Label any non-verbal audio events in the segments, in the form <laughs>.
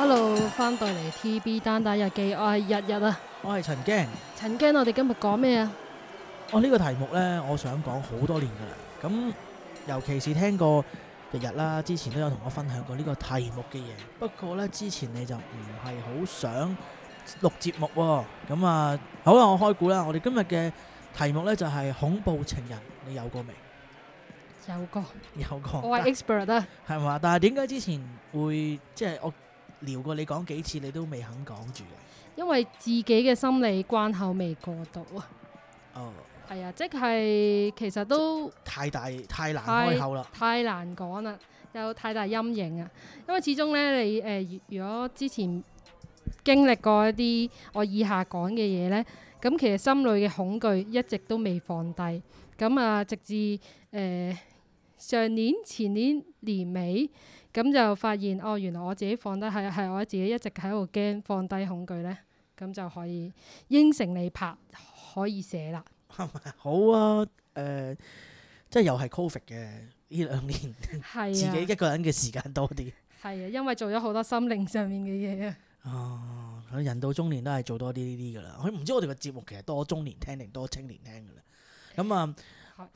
hello，返到嚟 TV 單打日記，我係日日啊，我係陳驚，陳驚，我哋今日講咩啊？哦，呢個題目呢，我想講好多年噶啦，咁尤其是聽過日日啦，之前都有同我分享過呢個題目嘅嘢，不過呢之前你就唔係好想錄節目喎，咁啊好啦，我開估啦，我哋今日嘅題目呢就係恐怖情人，你有過未？有過，有過，我係 expert 啦，係嘛？但係點解之前會即係我？撩過你講幾次，你都未肯講住，因為自己嘅心理關口未過到啊。哦，oh, 係啊，即係其實都太大太難開口啦，太難講啦，有太大陰影啊。因為始終咧，你、呃、誒如果之前經歷過一啲我以下講嘅嘢咧，咁其實心裏嘅恐懼一直都未放低。咁啊，直至誒上年、呃、前年年尾。咁就發現哦，原來我自己放低係係我自己一直喺度驚放低恐懼咧，咁就可以應承你拍可以寫啦。好啊？誒、呃，即係又係 Covid 嘅呢兩年，啊、自己一個人嘅時間多啲。係啊，因為做咗好多心靈上面嘅嘢啊。哦，佢人到中年都係做多啲呢啲噶啦。佢唔知我哋個節目其實多中年聽定多青年聽噶啦。咁、嗯、啊～、嗯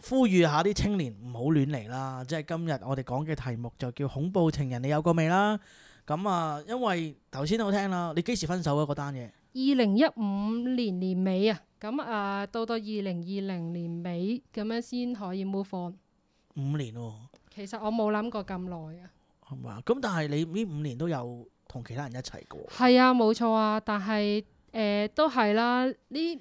呼籲下啲青年唔好亂嚟啦！即係今日我哋講嘅題目就叫恐怖情人，你有過未啦？咁啊，因為頭先我聽啦，你幾時分手啊？嗰單嘢？二零一五年年尾啊，咁啊到到二零二零年尾咁樣先可以 move on。五年喎、啊。其實我冇諗過咁耐啊。係嘛？咁但係你呢五年都有同其他人一齊過。係啊，冇錯啊。但係誒、呃、都係啦，呢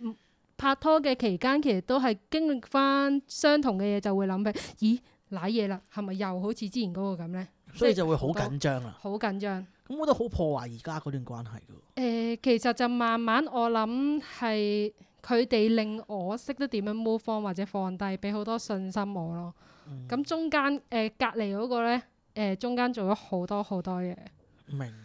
拍拖嘅期間，其實都係經歷翻相同嘅嘢，就會諗起，咦，瀨嘢啦，係咪又好似之前嗰個咁呢？所以就會好緊張啊！好緊張。咁我覺得好破壞而家嗰段關係嘅。誒、呃，其實就慢慢我諗係佢哋令我識得點樣 move on 或者放低，俾好多信心我咯。咁、嗯、中間、呃、隔離嗰個呢、呃，中間做咗好多好多嘢。明。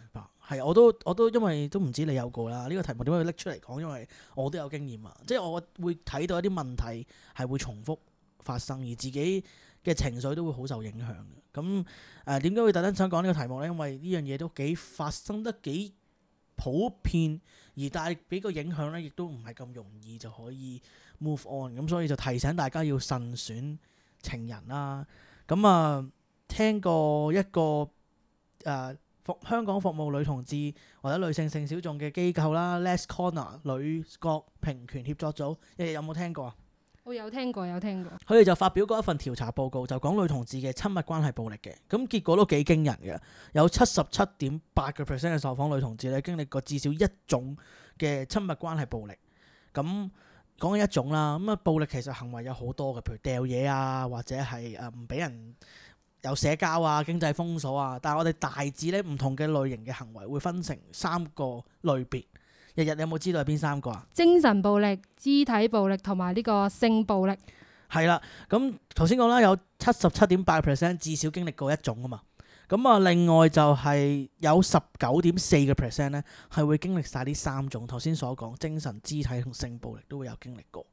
係，我都我都因為都唔知你有過啦。呢、這個題目點解會拎出嚟講？因為我都有經驗啊，即係我會睇到一啲問題係會重複發生，而自己嘅情緒都會好受影響嘅。咁誒點解會特登想講呢個題目呢？因為呢樣嘢都幾發生得幾普遍，而帶畀個影響呢，亦都唔係咁容易就可以 move on。咁所以就提醒大家要慎選情人啦。咁啊、呃，聽過一個誒。呃香港服務女同志或者女性性小眾嘅機構啦，Les Corner 女國平權協作組，你哋有冇聽過啊？我有聽過，有聽過。佢哋就發表過一份調查報告，就講女同志嘅親密關係暴力嘅，咁結果都幾驚人嘅。有七十七點八個 percent 嘅受訪女同志咧，經歷過至少一種嘅親密關係暴力。咁講緊一種啦，咁啊暴力其實行為有好多嘅，譬如掉嘢啊，或者係誒唔俾人。有社交啊、經濟封鎖啊，但係我哋大致咧唔同嘅類型嘅行為會分成三個類別。日日你有冇知道係邊三個啊？精神暴力、肢體暴力同埋呢個性暴力。係啦，咁頭先講啦，有七十七點八個 percent 至少經歷過一種啊嘛。咁啊，另外就係有十九點四個 percent 咧，係會經歷晒呢三種頭先所講精神、肢體同性暴力都會有經歷過。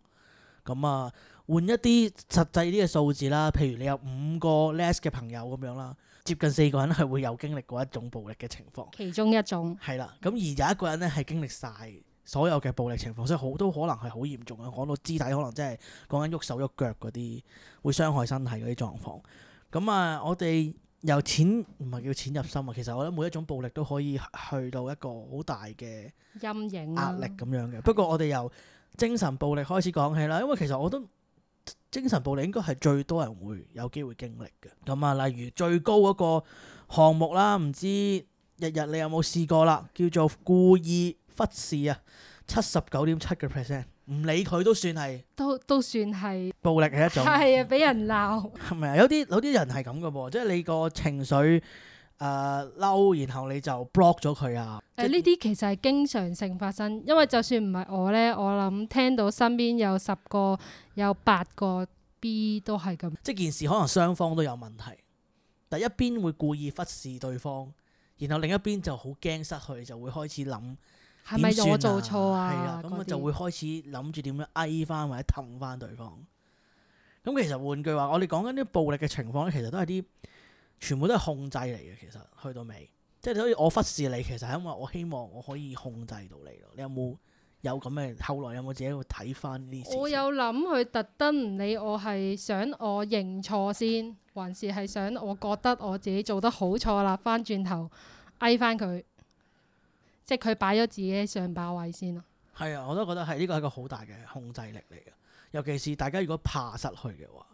咁啊。換一啲實際啲嘅數字啦，譬如你有五個 les 嘅朋友咁樣啦，接近四個人係會有經歷過一種暴力嘅情況，其中一種係啦。咁而有一個人咧係經歷晒所有嘅暴力情況，所以好都可能係好嚴重嘅，講到肢體可能真係講緊喐手喐腳嗰啲，會傷害身體嗰啲狀況。咁啊，我哋由淺唔係叫淺入深啊，其實我覺得每一種暴力都可以去到一個好大嘅陰影壓力咁樣嘅。不過我哋由精神暴力開始講起啦，因為其實我都。精神暴力應該係最多人會有機會經歷嘅，咁啊，例如最高嗰個項目啦，唔知日日你有冇試過啦，叫做故意忽視啊，七十九點七嘅 percent，唔理佢都算係，都都算係暴力係一種，係啊，俾、嗯、人鬧，係咪啊？有啲有啲人係咁嘅喎，即係你個情緒。誒，嬲、呃，然後你就 block 咗佢啊？誒、呃，呢啲即其實係經常性發生，因為就算唔係我呢，我諗聽到身邊有十個、有八個 B 都係咁。即件事可能雙方都有問題，但一邊會故意忽視對方，然後另一邊就好驚失去，就會開始諗係咪我做錯啊？係啊、嗯，咁些就會開始諗住點樣挨翻或者氹翻對方。咁、嗯、其實換句話，我哋講緊啲暴力嘅情況，其實都係啲。全部都係控制嚟嘅，其實去到尾，即係你好似我忽視你，其實係因為我希望我可以控制到你咯。你有冇有咁嘅後來有冇自己會睇翻呢？我有諗佢特登唔理我，係想我認錯先，還是係想我覺得我自己做得好錯啦，翻轉頭嗌翻佢，即係佢擺咗自己上把位先咯。係啊，我都覺得係呢、這個係一個好大嘅控制力嚟嘅，尤其是大家如果怕失去嘅話。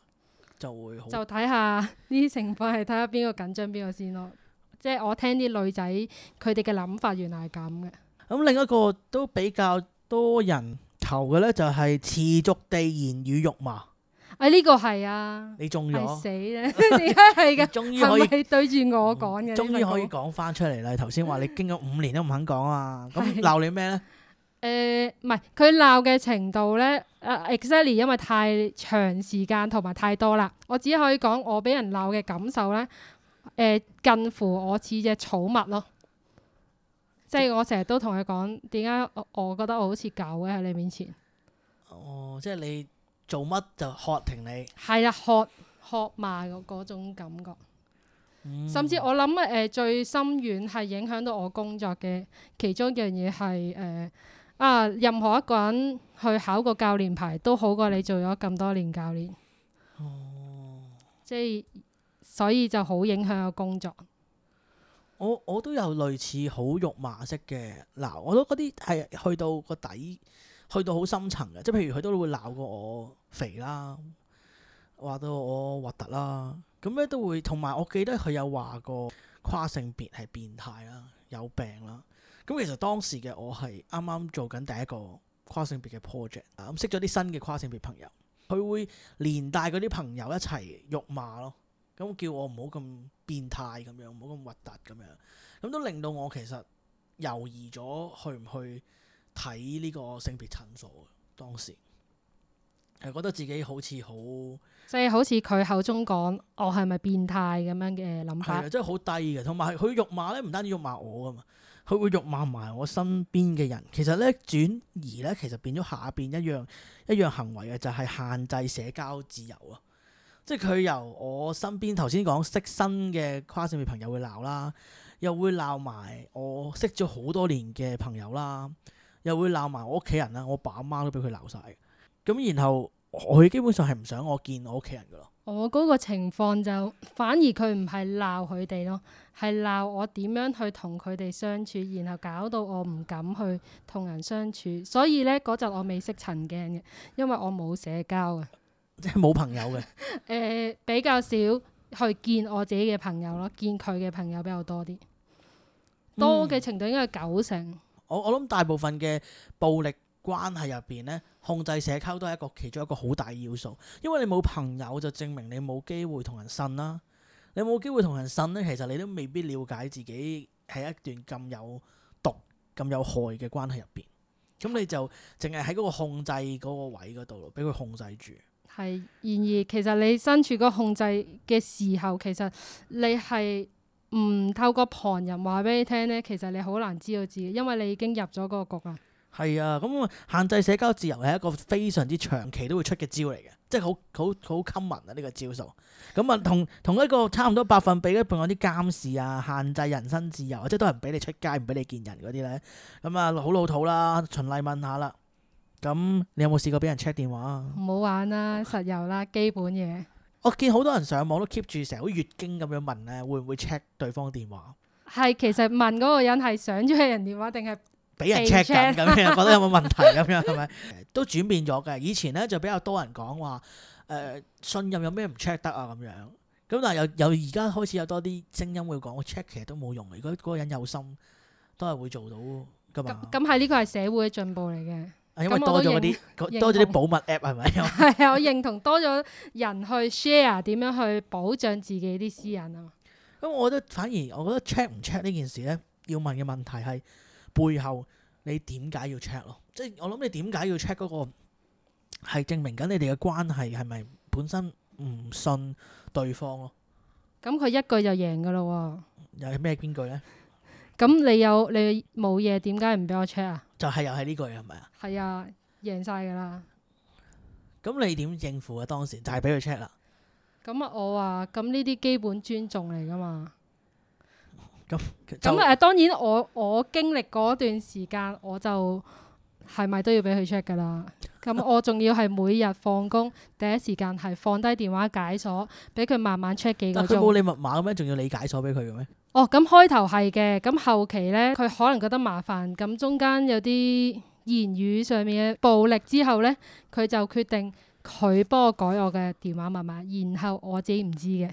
就會就睇下呢啲情況，係睇下邊個緊張邊個先咯，即係我聽啲女仔佢哋嘅諗法，原來係咁嘅。咁、嗯、另一個都比較多人投嘅咧，就係持續地言語辱罵。啊、呢、這個係啊，你中咗，死啦，而家係嘅，終於可以對住我講嘅，終於可以講翻、嗯、出嚟啦。頭先話你經過五年都唔肯講啊，咁鬧 <laughs> 的你咩咧？誒，唔係佢鬧嘅程度咧，誒、呃、exactly 因為太長時間同埋太多啦。我只可以講我俾人鬧嘅感受咧，誒、呃、近乎我似隻寵物咯。即係我成日都同佢講，點解我我覺得我好似狗嘅喺你面前。哦，即係你做乜就喝停你。係啊，喝喝罵嗰種感覺。甚至我諗誒、呃、最深遠係影響到我工作嘅其中一樣嘢係誒。呃啊！任何一個人去考個教練牌都好過你做咗咁多年教練。哦，即係所以就好影響個工作。我我都有類似好肉麻式嘅嗱，我都嗰啲係去到個底，去到好深層嘅，即係譬如佢都會鬧過我肥啦，話到我核突啦，咁咧都會同埋，我記得佢有話過跨性別係變態啦，有病啦。咁其實當時嘅我係啱啱做緊第一個跨性別嘅 project 啊，咁識咗啲新嘅跨性別朋友，佢會連帶嗰啲朋友一齊辱罵咯。咁、嗯、叫我唔好咁變態咁樣，唔好咁核突咁樣，咁都令到我其實猶豫咗去唔去睇呢個性別診所嘅，當時係覺得自己好似好即係好似佢口中講我係咪變態咁樣嘅諗法係啊，真係好低嘅。同埋佢辱罵咧，唔單止辱罵我噶嘛。佢會辱罵埋我身邊嘅人，其實咧，轉移咧，其實變咗下邊一樣一樣行為嘅就係限制社交自由啊！即係佢由我身邊頭先講識新嘅跨性別朋友會鬧啦，又會鬧埋我識咗好多年嘅朋友啦，又會鬧埋我屋企人啦，我爸阿媽都俾佢鬧晒。咁然後。我基本上係唔想我見我屋企人噶咯。我嗰個情況就反而佢唔係鬧佢哋咯，係鬧我點樣去同佢哋相處，然後搞到我唔敢去同人相處。所以呢，嗰陣我未識陳鏡嘅，因為我冇社交嘅，即係冇朋友嘅。誒，比較少去見我自己嘅朋友咯，見佢嘅朋友比較多啲。多嘅程度應該係九成。嗯，我我諗大部分嘅暴力。關係入邊呢，控制社交都係一個其中一個好大要素。因為你冇朋友，就證明你冇機會同人呻啦。你冇機會同人呻呢，其實你都未必了解自己喺一段咁有毒、咁有害嘅關係入邊。咁你就淨係喺嗰個控制嗰個位嗰度咯，俾佢控制住。係，然而其實你身處個控制嘅時候，其實你係唔透過旁人話俾你聽呢。其實你好難知道自己，因為你已經入咗嗰個局啊。係啊，咁限制社交自由係一個非常之長期都會出嘅招嚟嘅，即係好好好 common 啊呢、呢個招數。咁、嗯、啊，同同一個差唔多百分比嗰半有啲監視啊，限制人身自由，啊，即係都係唔俾你出街，唔俾你見人嗰啲咧。咁、嗯、啊，好老土啦，循例問下啦。咁、嗯、你有冇試過俾人 check 電話啊？唔好玩啦，實有啦，基本嘢。我見好多人上網都 keep 住成好月經咁樣問咧，會唔會 check 對方電話？係，其實問嗰個人係想 check 人的電話定係？俾人 check 緊咁樣，覺得有冇問題咁樣係咪都轉變咗嘅？以前咧就比較多人講話誒，信任有咩唔 check 得啊？咁樣咁，但係由由而家開始有多啲聲音會講，我 check 其實都冇用，如果嗰個人有心，都係會做到噶嘛。咁咁係呢個係社會嘅進步嚟嘅，因為多咗啲多咗啲保密 app 係咪？係，我認同多咗人去 share 點樣去保障自己啲私隱啊。咁 <laughs> 我覺得反而我覺得 check 唔 check 呢件事咧，要問嘅問題係。背後你點解要 check 咯？即係我諗你點解要 check 嗰個係證明緊你哋嘅關係係咪本身唔信對方咯？咁佢一句就贏噶咯？又係咩邊句咧？咁你有你冇嘢？點解唔俾我 check 啊？就係又係呢句係咪啊？係啊，贏晒噶啦！咁你點應付啊？當時就係俾佢 check 啦。咁啊，我話咁呢啲基本尊重嚟噶嘛。咁咁誒，當然我我經歷嗰段時間，我就係咪都要俾佢 check 噶啦？咁 <laughs> 我仲要係每日放工第一時間係放低電話解鎖，俾佢慢慢 check 幾個鍾。但係佢冇你密碼咩？仲要你解鎖俾佢嘅咩？哦，咁開頭係嘅，咁、嗯、後期咧，佢可能覺得麻煩，咁中間有啲言語上面嘅暴力之後咧，佢就決定佢幫我改我嘅電話密碼，然後我自己唔知嘅。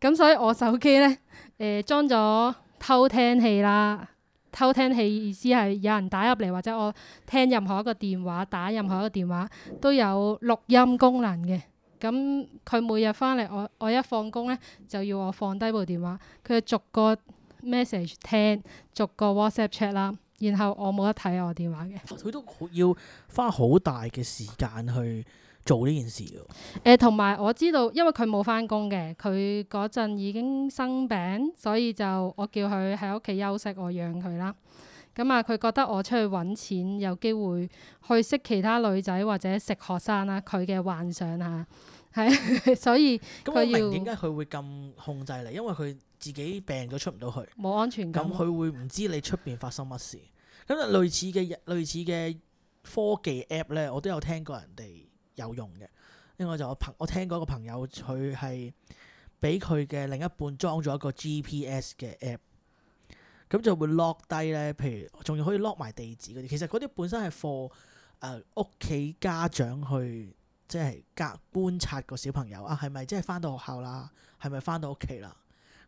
咁、嗯、所以我手機咧誒、呃、裝咗。 <laughs> 偷聽器啦，偷聽器意思係有人打入嚟，或者我聽任何一個電話打任何一個電話都有錄音功能嘅。咁佢每日返嚟，我我一放工呢就要我放低部電話，佢逐個 message 聽，逐個 WhatsApp check 啦。然後我冇得睇我電話嘅。佢都要花好大嘅時間去做呢件事嘅、呃、同埋我知道，因為佢冇返工嘅，佢嗰陣已經生病，所以就我叫佢喺屋企休息，我養佢啦。咁啊，佢覺得我出去揾錢有機會去識其他女仔或者食學生啦。佢嘅幻想啊，係，所以佢我明點解佢會咁控制你，因為佢自己病咗出唔到去冇安全感。咁佢會唔知你出邊發生乜事咁啊？類似嘅類似嘅科技 app 呢，我都有聽過人哋。有用嘅，另外就我朋我聽嗰個朋友佢係俾佢嘅另一半裝咗一個 GPS 嘅 app，咁就會落低咧，譬如仲要可以落埋地址嗰啲。其實嗰啲本身係 for 誒屋企家長去即係監觀察個小朋友啊，係咪即係翻到學校啦，係咪翻到屋企啦？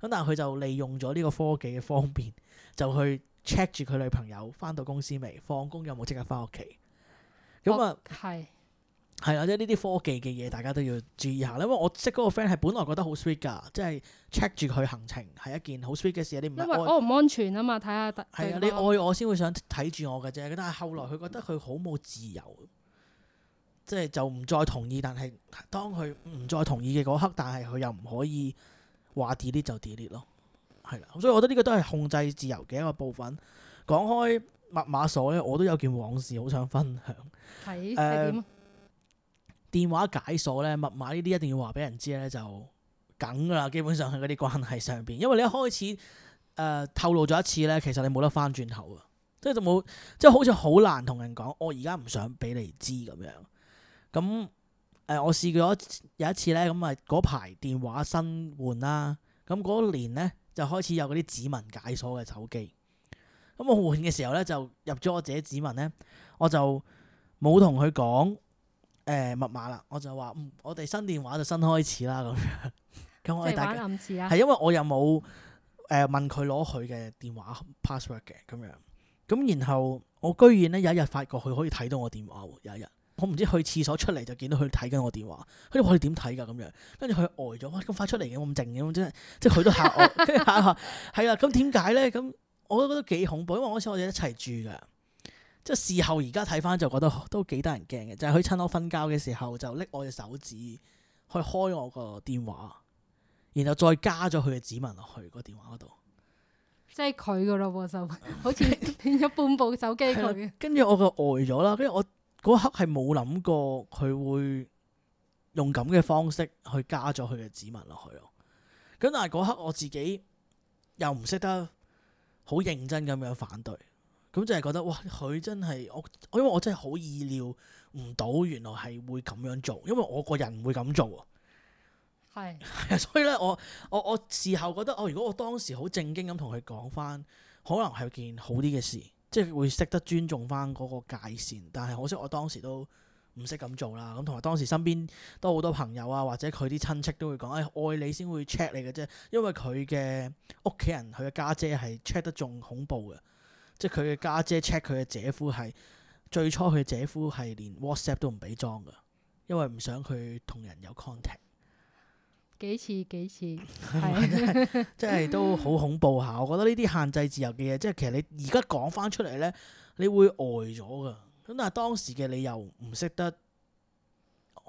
咁但係佢就利用咗呢個科技嘅方便，就去 check 住佢女朋友翻到公司未，放工有冇即刻翻屋企。咁啊，係。係啦，即係呢啲科技嘅嘢，大家都要注意下咧。因為我識嗰個 friend 係本來覺得好 sweet 噶，即係 check 住佢行程係一件好 sweet 嘅事，你唔安？因為安唔我、哦、安全啊嘛，睇下係啊，的你愛我先會想睇住我嘅啫。但係後來佢覺得佢好冇自由，即係就唔再同意。但係當佢唔再同意嘅嗰刻，但係佢又唔可以話 delete 就 delete 咯。係啦，所以我覺得呢個都係控制自由嘅一個部分。講開密碼鎖咧，我都有件往事好想分享。的電話解鎖咧，密碼呢啲一定要話俾人知咧，就梗㗎啦。基本上喺嗰啲關係上邊，因為你一開始誒、呃，透露咗一次咧，其實你冇得翻轉頭啊，即係就冇，即係好似好難同人講，我而家唔想俾你知咁樣。咁、嗯、誒，我試過有一次咧，咁啊嗰排電話新換啦，咁嗰年咧就開始有嗰啲指紋解鎖嘅手機。咁我換嘅時候咧，就入咗我自己指紋咧，我就冇同佢講。誒、呃，密碼啦，我就話、嗯，我哋新電話就新開始啦，咁樣。咁 <laughs> 我哋大家係、啊、因為我又冇誒問佢攞佢嘅電話 password 嘅，咁樣。咁然後我居然咧有一日發覺佢可以睇到我電話，有一日我唔知去廁所出嚟就見到佢睇緊我電話，跟住我哋點睇噶咁樣？跟住佢呆咗，咁快出嚟嘅，咁靜嘅，即係即係佢都吓我。跟住吓，係啦，咁點解咧？咁我都覺得幾恐怖，因為嗰時我哋一齊住噶。即係事後而家睇翻，就覺得都幾得人驚嘅，就係佢趁我瞓覺嘅時候就拎我隻手指去開我個電話，然後再加咗佢嘅指紋落去個電話嗰度，即係佢噶咯，就 <laughs> 好似變咗半部手機佢，跟住我就呆咗啦，跟住我嗰刻係冇諗過佢會用咁嘅方式去加咗佢嘅指紋落去咯。咁但係嗰刻我自己又唔識得好認真咁樣反對。咁、嗯、就係、是、覺得哇！佢真係我，因為我真係好意料唔到，原來係會咁樣做，因為我個人唔會咁做。係是， <laughs> 所以咧，我我我事後覺得，哦，如果我當時好正經咁同佢講翻，可能係件好啲嘅事，即係會識得尊重翻嗰個界線。但係可惜我當時都唔識咁做啦。咁同埋當時身邊都好多朋友啊，或者佢啲親戚都會講：誒、哎，愛你先會 check 你嘅啫。因為佢嘅屋企人，佢嘅家姐係 check 得仲恐怖嘅。即係佢嘅家姐 check 佢嘅姐夫，係最初佢嘅姐夫係連 WhatsApp 都唔俾裝噶，因為唔想佢同人有 contact。幾次幾次，係 <laughs> 的 <laughs> 真係真係都好恐怖下。 <laughs> 我覺得呢啲限制自由嘅嘢，即係其實你而家講翻出嚟呢，你會呆咗噶，咁但係當時嘅你又唔識得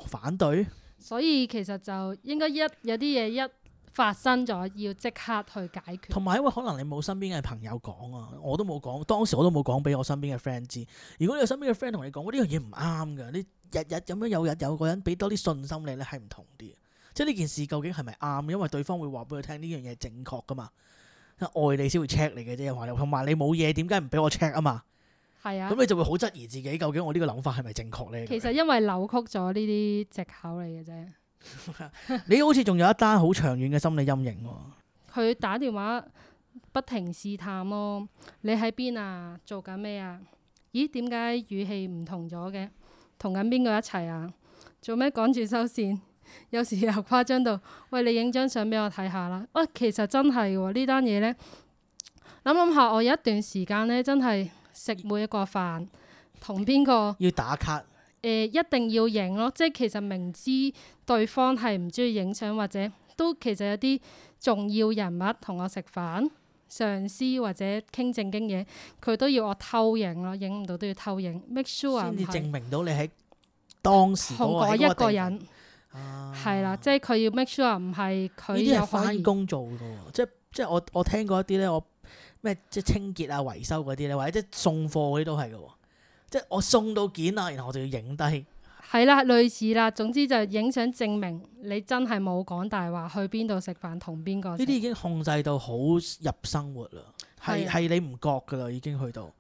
反對，所以其實就應該一有啲嘢一。發生咗要即刻去解決，同埋因為可能你冇身邊嘅朋友講啊，我都冇講，當時我都冇講俾我身邊嘅 friend 知。如果你有身邊嘅 friend 同你講，我呢樣嘢唔啱㗎，你日日咁樣有日有個人俾多啲信心你咧，係唔同啲。即係呢件事究竟係咪啱？因為對方會話俾佢聽，呢樣嘢正確噶嘛。愛你先會 check 你嘅啫，話你同埋你冇嘢，點解唔俾我 check 啊嘛？係啊。咁你就會好質疑自己，究竟我呢個諗法係咪正確咧？其實因為扭曲咗呢啲藉口嚟嘅啫。 <laughs> 你好似仲有一單好長遠嘅心理陰影，哦。佢打電話不停試探咯，哦，你喺邊啊？做緊咩啊？咦，點解語氣唔同咗嘅？同緊邊個一齊啊？做咩趕住收線？有時又誇張到，喂，你影張相俾我睇下啦。喂，哎，其實真係嘅呢單嘢呢。諗諗下，我有一段時間呢，真係食每一個飯同邊個要打卡，呃、一定要贏咯，即係其實明知。對方係唔中意影相，或者都其實有啲重要人物同我食飯、上司或者傾正經嘢，佢都要我偷影咯，影唔到都要偷影，make sure 唔。先至證明到你喺當時嗰個一個人，係啦、啊，即係佢要 make sure 唔係佢有可翻工做㗎喎，即係即係我我聽過一啲咧，我咩即係清潔啊、維修嗰啲咧，或者即係送貨嗰啲都係㗎喎，即係我送到件啦，然後我就要影低。係啦，類似啦，總之就影相證明你真係冇講大話，去邊度食飯同邊個。呢啲已經控制到好入生活啦，係係是你唔覺噶啦，已經去到，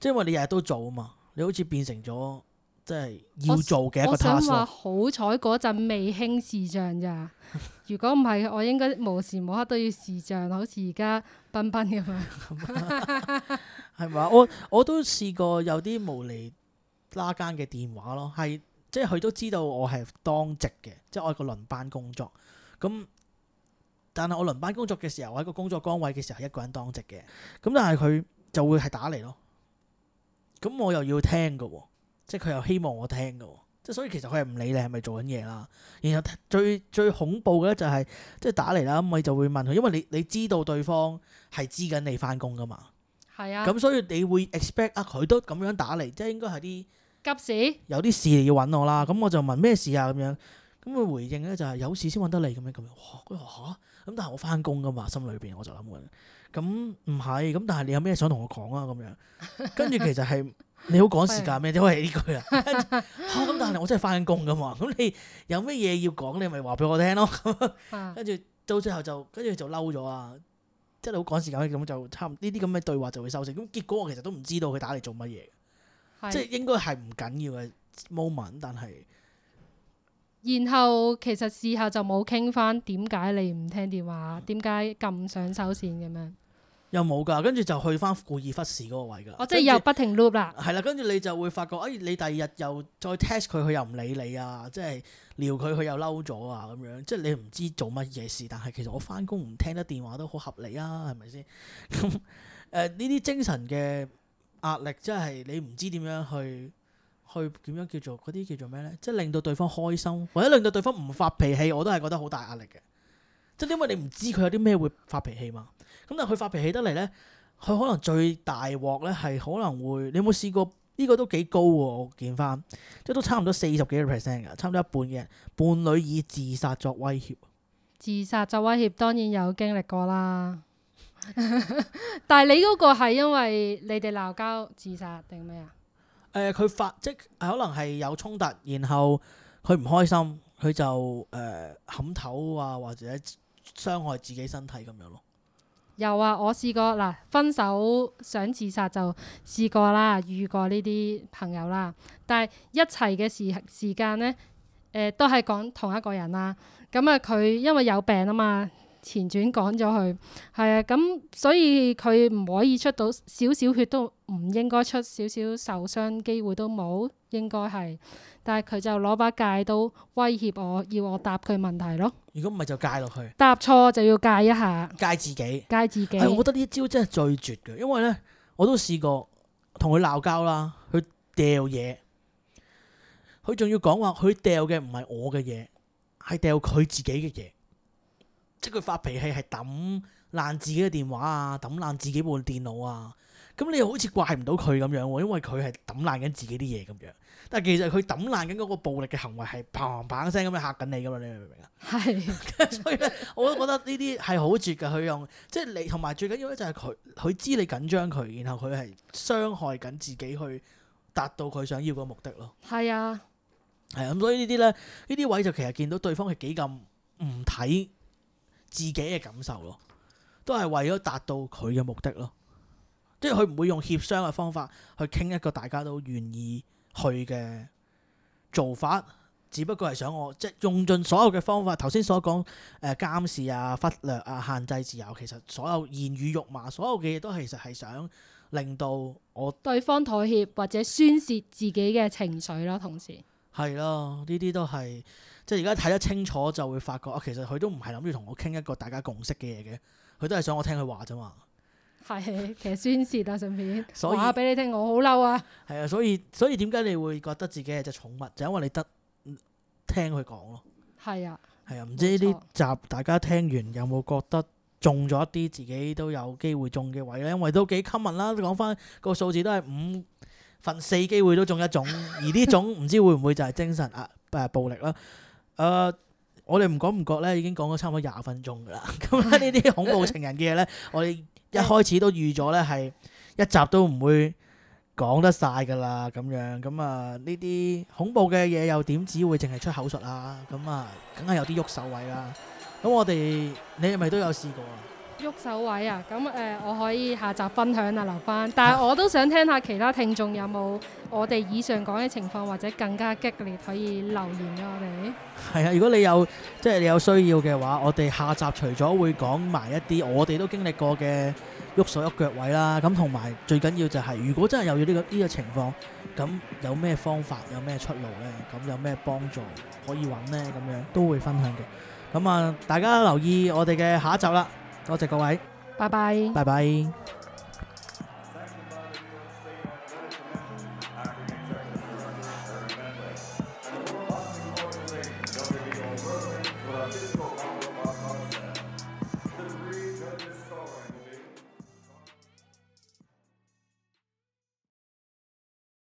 即係因為你日日都做啊嘛，你好似變成咗即係要做嘅一個 task。我我好彩嗰陣未興視像咋，如果唔係我應該無時無刻都要視像，好似而家斌斌咁樣，係 <laughs> 咪？ <laughs> 我我都試過有啲無厘拉更嘅電話咯，係。即係佢都知道我係當值嘅，即係我係一個輪班工作。咁但係我輪班工作嘅時候，我喺個工作崗位嘅時候係一個人當值嘅。咁但係佢就會係打嚟咯。咁我又要聽噶，即係佢又希望我聽噶。即係所以其實佢係唔理你係咪做緊嘢啦。然後最最恐怖嘅咧，就係、是、即係打嚟啦。咁我就會問佢，因為你你知道對方係知緊你翻工噶嘛。係啊。咁所以你會 expect 啊？佢都咁樣打嚟，即係應該係啲。急事，有啲事嚟要揾我啦，咁我就問咩事啊咁樣，咁佢回應咧就係有事先揾得你。咁樣咁樣，咁但係我翻工噶嘛，心裏邊我就諗緊，咁唔係，咁但係你有咩想同我講啊咁樣，跟住其實係你好趕時間咩？點解呢句啊？吓，咁但係我真係翻工噶嘛，咁、嗯、你有咩嘢要講，你咪話俾我聽咯。啊、跟住到最後就跟住就嬲咗啊，即係好趕時間咁就差唔多呢啲咁嘅對話就會收聲。咁結果我其實都唔知道佢打嚟做乜嘢。是即係應該係唔緊要嘅 moment，但係然後其實事後就冇傾翻，點解你唔聽電話，點解咁想收線咁樣，又冇噶，跟住就去翻故意忽視嗰個位噶，哦即係後後又不停 loop 啦，係啦，跟住你就會發覺哎，你第二日又再 test 佢，佢又唔理你啊，即係撩佢佢又嬲咗啊，咁樣即係你唔知做乜嘢事，但係其實我翻工唔聽得電話都好合理啊，係咪先？咁誒呢啲精神嘅。壓力即係你唔知點樣去去點樣叫做嗰啲叫做咩咧？即係令到對方開心，或者令到對方唔發脾氣，我都係覺得好大壓力嘅。即係因為你唔知佢有啲咩會發脾氣嘛。咁但係佢發脾氣得嚟咧，佢可能最大鑊咧係可能會你有冇試過？呢個都幾高喎！我見翻即係都差唔多四十幾個 percent 嘅，差唔多一半嘅伴侶以自殺作威脅。自殺作威脅當然有經歷過啦。 <laughs> 但係你嗰個係因為你哋鬧交自殺定咩啊？誒、呃，佢發即可能係有衝突，然後佢唔開心，佢就誒冚、呃、頭啊，或者傷害自己身體咁樣咯。又啊，我試過嗱，分手想自殺就試過啦，遇過呢啲朋友啦。但係一齊嘅時時間呢，誒、呃，都係講同一個人啦。咁、嗯、啊，佢因為有病啊嘛。前轉趕咗佢，係啊，咁所以佢唔可以出到少少血都唔應該出少少受傷機會都冇，應該係。但係佢就攞把戒刀威脅我要我答佢問題咯。如果唔係就戒落去。答錯就要戒一下。戒自己。戒自己。我覺得呢招真係最絕嘅，因為呢，我都試過同佢鬧交啦，佢掉嘢，佢仲要講話佢掉嘅唔係我嘅嘢，係掉佢自己嘅嘢。即係佢發脾氣係抌爛自己嘅電話啊，抌爛自己部電腦啊，咁你又好似怪唔到佢咁樣喎，因為佢係抌爛緊自己啲嘢咁樣。但係其實佢抌爛緊嗰個暴力嘅行為係砰砰聲咁樣嚇緊你噶嘛，你明唔明啊？係。 <laughs> <laughs> 所以咧，我都覺得呢啲係好絕嘅，佢用即係你同埋最緊要咧就係佢佢知你緊張佢，然後佢係傷害緊自己去達到佢想要個目的咯。係啊 <laughs> <laughs> 係啊，咁所以呢啲咧，呢啲位就其實見到對方係幾咁唔睇自己嘅感受咯，都係為咗達到佢嘅目的咯，即係佢唔會用協商嘅方法去傾一個大家都願意去嘅做法，只不過係想我即係用盡所有嘅方法。頭先所講誒監視啊、忽略啊、限制自由，其實所有言語辱罵，所有嘅嘢，都其實係想令到我對方妥協或者宣泄自己嘅情緒咯，同時。係咯，呢啲都係，即係而家睇得清楚就會發覺啊，其實佢都唔係諗住同我傾一個大家共識嘅嘢嘅，佢都係想我聽佢話啫嘛。係，其實宣泄啊，順便 <laughs> 所以話俾你聽，我好嬲啊。係啊，所以所以點解你會覺得自己係隻寵物，就因為你得、嗯、聽佢講咯。係啊的。係啊，唔知呢啲集大家聽完錯有冇覺得中咗一啲自己都有機會中嘅位咧？因為都幾吸引啦，講翻個數字都係五。瞓四機會都中一種，而呢種唔知會唔會就係精神啊暴力啦。誒、 <laughs> 啊，我哋唔講唔覺呢，已經講咗差唔多廿分鐘噶啦。咁呢啲恐怖情人嘅嘢呢，我哋一開始都預咗呢，係一集都唔會講得晒噶啦。咁樣咁啊，呢啲恐怖嘅嘢又點止會淨係出口術啊？咁啊，梗係有啲喐手位啦。咁我哋你係咪都有試過？喐手位啊，咁誒、呃，我可以下集分享啊，留翻。但係我都想聽下其他聽眾有冇我哋以上講嘅情況或者更加激烈可以留言俾我哋。係啊，如果你有即係你有需要嘅話，我哋下集除咗會講埋一啲我哋都經歷過嘅喐手喐腳位啦，咁同埋最緊要就係、是、如果真係有咗、呢、呢個呢、呢個情況，咁有咩方法，有咩出路咧？咁有咩幫助可以揾咧？咁樣都會分享嘅。咁啊，大家留意我哋嘅下一集啦。多謝各位，拜拜，拜拜。